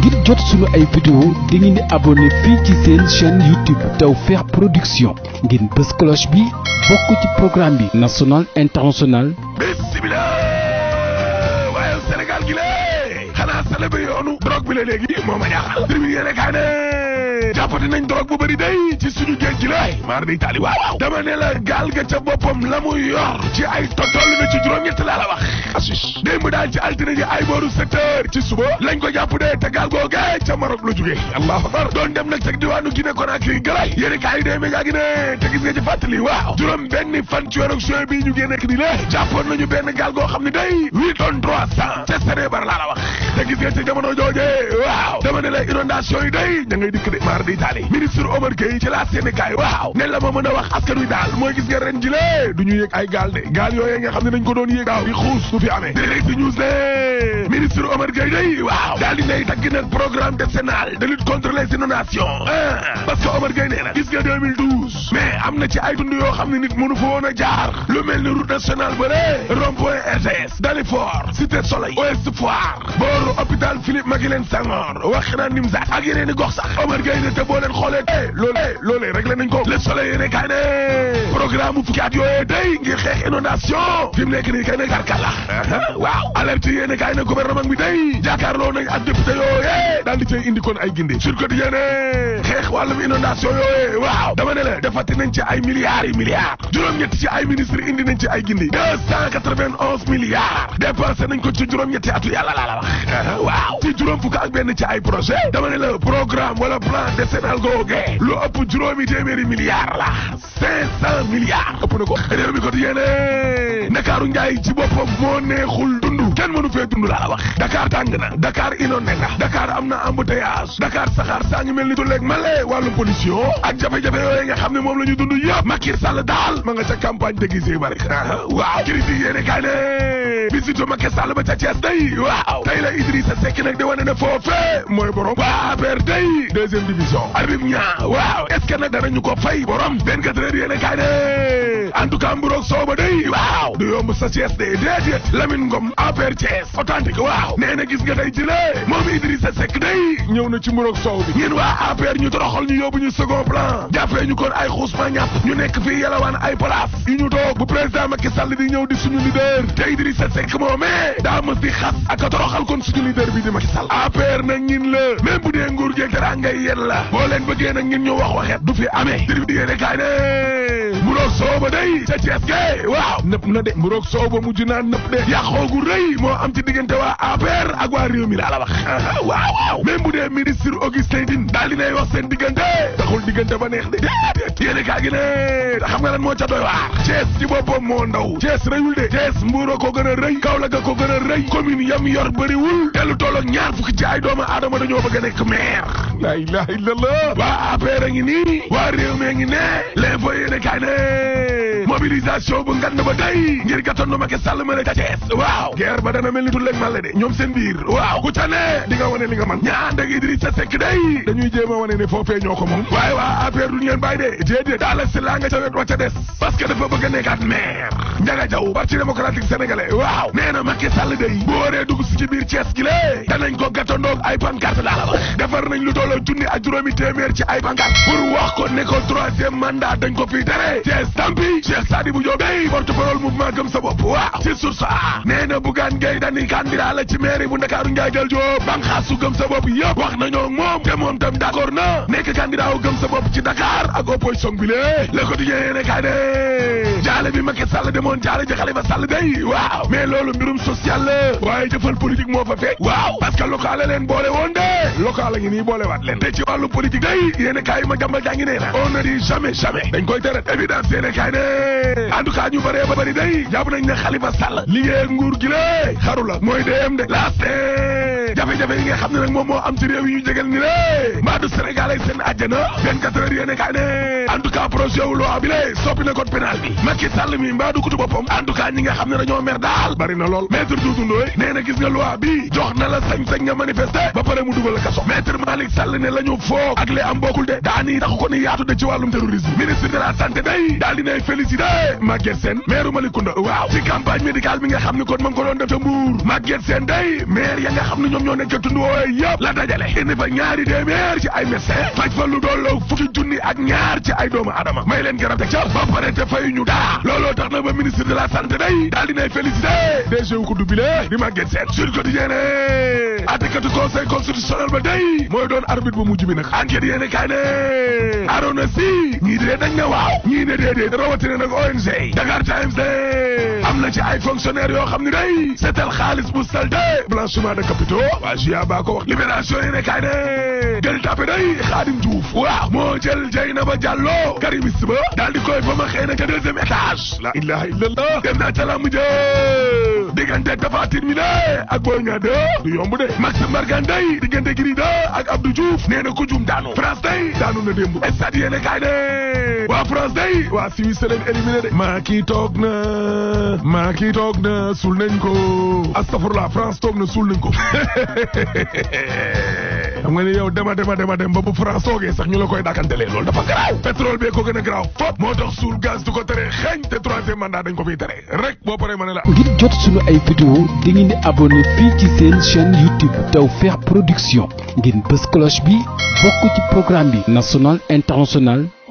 ngir jot sunu ay vidéo di ngeen di abonné fii ci seen chaîne YouTube Tawfekh Production ngeen bës cloche bi bokk ci programme bi national international bismilla waaye Sénégal gi la xanaa sale bi yoonu drogue bi la léegi moo ma jaaxal tribune yéene kaay ne ne jàppati nañ drogue bu bëri day ci suñu géej gi la maar day taali waaw dama ne la gaal ga ca boppam la mu yor ci ay totoll na ci juróom-ñett laa la wax asus démb daal ci altine ji ay booru secteur ci suba lañ ko jàpp dee te gaal googe ca Maroc la jógee allahu akbar doon dem nag ca diwaanu Guinée Conakry galay yéen kaa yi démb gaa gi te gis nga ci fàttali waaw juróom benn fan ci weeru juin bi ñu génn nekk di la jàppoon nañu benn gaal goo xam Mar d'Italie ministre Omar Gueye ci laa Sénégal waaw ne la a wax askan wi daal mooy gis nga ren ji lee du ñu yéeg ay gaal de gaal yooyee nga xam ne dañ ko doon yéeg daaw di xuus su fi a direct news ne ministre Omar Gueye day waaw daal di nay tagg nag programme décennal de lutte contre les inondations parce que Omar Gueye nee na gis nga 2012 mais am na ci ay dund yoo xam ne nit mënu a jaar lu mel ni route nationale bële rond-point RTS Dalifort Cité Soleil Ouest Foire booru hôpital Philippe Maguilène ne te boo leen xoolee eh, loolee loolee réglé ko le soleil fukki at yooyee day ngir xeex inondation fi mu nekk nii kay ne ah. waaw alerte yéene kaay ne gouvernement bi day jàkkaarloo nañ ak député yooyee daal di cay indi kon ay gindi sur côté yéene xeex wàllum inondation yooyee waaw dama ne la defati nañ ci ay milliards yi milliards juróom-ñetti ci ay ministre indi nañ ci ay gindi deux cent quatre-vingt-onze milliards dépensé nañ ko ci juróom-ñetti atu yàlla laa ah. benn ci ay projet dama ne la programme wala plan décennal googee lu ëpp juróomi téeméeri milliards la cinq cent milliards na ko réew mi ko di yéene Ndakaaru njaay ci boppam moo neexul dund kenn mënu fee dund laa wax Dakar tàng na Dakar inondé na Dakar am na embouteillage Dakar saxaar saa ngi mel ni tulleeg male wàllum pollution ak jafe-jafe yooyu xam ne moom la ñu dund yëpp Macky Sall daal ma nga ca campagne déguisée bari waaw critique yéene kaay ne siteu Macky Sall ba ca Thiès day waaw tey la a Seck nag di wane ne foofee mooy borom waa APR day deuxième division Habib Niang waaw est ce que nag danañu ko fay borom 24 heures yéen a kaay en tout cas mburoog sooba day waaw du yomb sa Thiès de déedéet Lamine Ngom APR Thiès authentique waaw nee na gis nga tey jëlee moom Idrissa Seck day ñëw na ci mburoog soow bi ñun waa APR ñu toroxal ñu yóbbu ñu second plan jàppee ñu kon ay xuusma ñàpp ñu nekk fii yelawaan ay place yu ñu toog bu président Macky di ñëw di suñu leader te Idrissa Seck moomee daa mës xas ak a toroxal kon suñu leader bi di Macky Sall APR nag la même bu nguur geeg dara mburoog soow ba day ca Cees ge waaw nëpp na de mburoog soow ba mujj naa nëpp de yàqoogu rëy moo am ci diggante waa APR ak réew mi laa la wax waaw waaw même bu dee ministre Augustin Tine daal dinay wax seen diggante taxul diggante ba neex de déedéet yéene kaa gi ne xam nga lan moo ca doy waar Thiès ci boppam moo ndaw Thiès rëyul de Thiès Mbuur a ko gën a rëy Kaolack a ko gën a rëy commune yam yor bëriwul te lu toll ak ñaar fukki ci ay doomu aadama dañoo bëgg a nekk maire la ilaha illallah waa APR a ngi nii waa réew mi a ngi ne l'info yéene kaay ne mobilisation bu ngand ba tey ngir gàttandu Macky Sall mën a jacees waaw guerre ba dana mel ni tulleeg màlle de ñoom seen biir waaw ku ca ne di nga wane li nga man ñaan ak Idrissa Seck day dañuy jéem a wane ne foofee ñoo ko moom waaye waa APR duñu leen bàyyi de déedéet daala si laa nga ca wet wa des parce que dafa bëgg a nekkaat maire Ndiaga Diaw parti démocratique sénégalais waaw nee na Macky Sall day bu waree dugg si ci biir Thiès gi lée danañ ko Sadibou Diop day porte-parole mouvement gëm sa bopp waaw ci source a nee na Bougane Gueye Dany candidat ci mairie bu Ndakaaru Ndiaye Gueye Diop banxaasu gëm sa bopp yëpp wax nañoo ak moom te moom tam d'accord na nekk candidat gëm sa bopp ci Dakar ak opposition bi le Le Quotidien yéene kaay jaale bi Macky Sall demoon jaale ji Khalifa Sall day waaw mais loolu mbirum social la waaye jëfal politique moo fa feeñ waaw parce que local la leen boole woon de local la nii boole waat leen te ci wàllu politique day yéene kaay ma jàmbal jàngi nee na on ne dit jamais koy tere évidence yéene kaay ne en tout cas ñu bëree ba bëri nañ ne Khalifa Sall liggéey nguur gi la xaru la mooy dem de laste jafe-jafe yi nga xam ne nag moom moo am ci réew yi ñu jégal ni lé mbaa du Sénégal ay seen àjjana 24 heures yéene kaay ne en tout cas projet bi lé soppi na code pénal Macky Sall mi mbaa du kutu boppam en tout nga xam ne dañoo mer daal bari lool maître Doudou Ndoye nee gis nga loi bi jox na la sañ-sañ nga manifester ba pare mu dugal kaso maître Malick Sall ne la ñu ak li am bokkul de daani taxu ko ni yaatu de ci wàllum terrorisme ministre de la santé day daal dinay félicité Maguette Sène maire Malicounda waaw ci campagne médicale bi nga xam ne ko doon def ca Mbour Maguette Sène day maire ya nga xam ne ñoom ñoo voilà looloo tax nag ba ministre de la santé day daal dinay félicité DG wu ko dubile di Maguette Sène Sud Quotidien ne atekatu conseil constitutionnel ba day mooy doon arbitre bu mujj bi nag enquête yéene kaay ne Arona Sy ñii dee dañ ne waaw ñii ne déedéet rawatina nag ONG Dakar Times de am na ci ay fonctionnaires yoo xam ne day seetal xaalis bu saleté blanchiment de capitaux waa JA baa wax libération yéene kaay ne Gueule Tapée day Khadim Diouf waaw moo jël Dieynaba Diallo karimiste ba daal di koy ba ma xëy na ca deuxième étage la ilaha illallah dem naa ca la mujj diggante tafatin mi ne ak Boy Niang 2 du yomb de Maxime Bargan day diggante Gris 2 ak Abdou Diouf nee na ku jum daanu France day daanu na démb stade yéene kaay de waa France day waa Suisse leen éliminé de maa kii toog na maa kii toog na suul nañ ko astafurla France toog na suul nañ ko xam nga ni yow dema dema dema dem ba bu France toogee sax ñu la koy dàkkantelee loolu dafa garaaw pétrole bee ko gën a garaaw fop moo tax suul gaz du ko tere xeeñ te troisième mandat dañ ko fiy tere rek boo paree ma ne la ngir jot suñu ay vidéo di ngeen di abonné fii ci seen chaîne YouTube Tawfekh Production ngeen bës cloche bi bokk ci programme bi national international